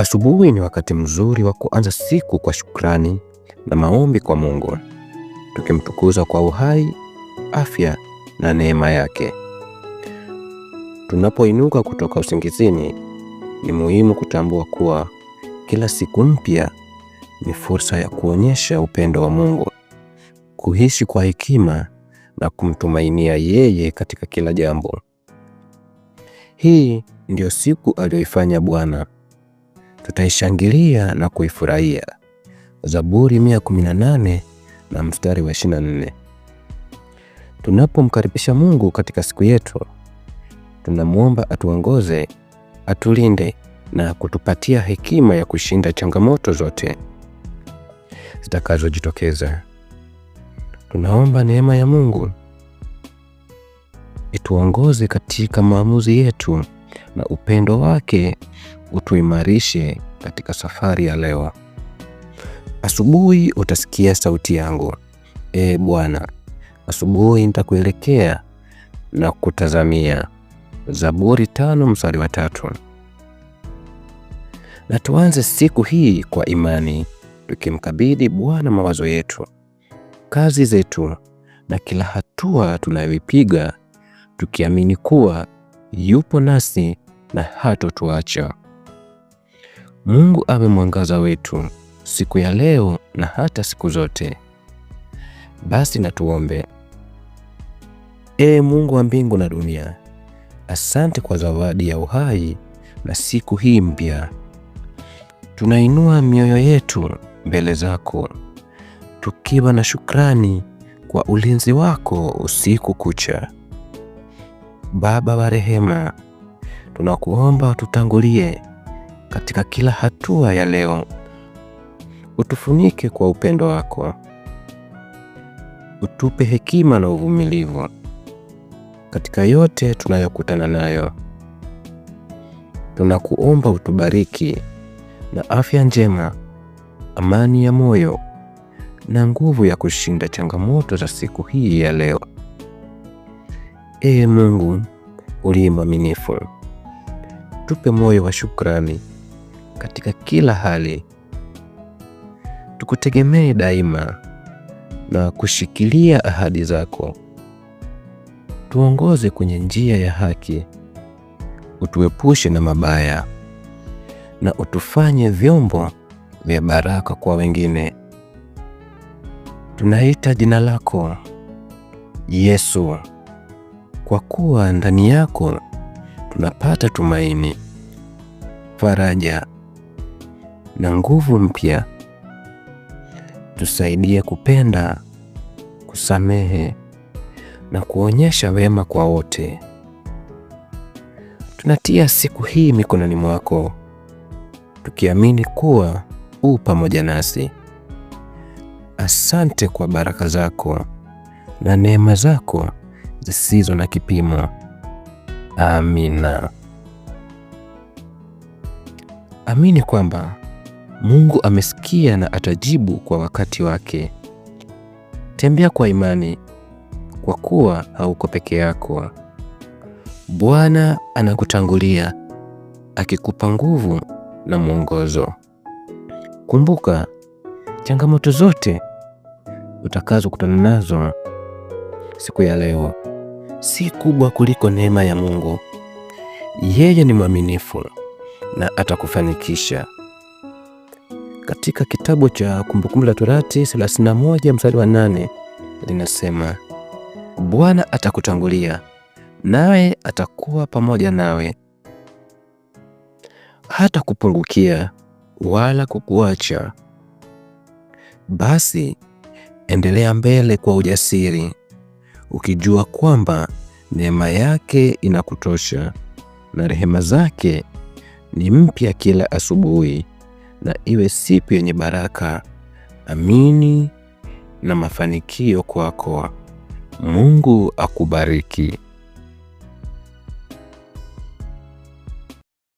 Asubuhi ni wakati mzuri wa kuanza siku kwa shukrani na maombi kwa Mungu, tukimtukuza kwa uhai, afya na neema yake. Tunapoinuka kutoka usingizini, ni muhimu kutambua kuwa kila siku mpya ni fursa ya kuonyesha upendo wa Mungu, kuishi kwa hekima na kumtumainia yeye katika kila jambo. Hii ndiyo siku aliyoifanya Bwana tutaishangilia na kuifurahia. Zaburi 118 na mstari wa 24. Tunapomkaribisha Mungu katika siku yetu, tunamwomba atuongoze, atulinde na kutupatia hekima ya kushinda changamoto zote zitakazojitokeza. Tunaomba neema ya Mungu ituongoze katika maamuzi yetu na upendo wake utuimarishe katika safari ya leo. Asubuhi utasikia sauti yangu, e Bwana, asubuhi nitakuelekea na kutazamia. Zaburi tano mstari wa tatu. Na tuanze siku hii kwa imani, tukimkabidhi Bwana mawazo yetu, kazi zetu na kila hatua tunayoipiga, tukiamini kuwa yupo nasi na hatotuacha. Mungu awe mwangaza wetu siku ya leo na hata siku zote. Basi na tuombe. Ee Mungu wa mbingu na dunia, asante kwa zawadi ya uhai na siku hii mpya. Tunainua mioyo yetu mbele zako tukiwa na shukrani kwa ulinzi wako usiku kucha. Baba wa rehema, tunakuomba tutangulie katika kila hatua ya leo. Utufunike kwa upendo wako, utupe hekima na uvumilivu katika yote tunayokutana nayo. Tunakuomba utubariki na afya njema, amani ya moyo na nguvu ya kushinda changamoto za siku hii ya leo. Ee Mungu uliye mwaminifu, tupe moyo wa shukrani katika kila hali. Tukutegemee daima na kushikilia ahadi zako. Tuongoze kwenye njia ya haki, utuepushe na mabaya, na utufanye vyombo vya baraka kwa wengine. Tunaita jina lako Yesu, kwa kuwa ndani yako tunapata tumaini, faraja na nguvu mpya. Tusaidie kupenda, kusamehe na kuonyesha wema kwa wote. Tunatia siku hii mikononi mwako, tukiamini kuwa u pamoja nasi. Asante kwa baraka zako na neema zako zisizo na kipimo. Amina. Amini kwamba Mungu amesikia na atajibu kwa wakati wake. Tembea kwa imani, kwa kuwa hauko peke yako. Bwana anakutangulia akikupa nguvu na mwongozo. Kumbuka, changamoto zote utakazokutana nazo siku ya leo si kubwa kuliko neema ya Mungu. Yeye ni mwaminifu na atakufanikisha katika kitabu cha Kumbukumbu la Torati 31 mstari wa 8 linasema, Bwana atakutangulia nawe atakuwa pamoja nawe, hata kupungukia wala kukuacha. Basi endelea mbele kwa ujasiri, ukijua kwamba neema yake inakutosha na rehema zake ni mpya kila asubuhi na iwe siku yenye baraka, amini na mafanikio kwako. Mungu akubariki.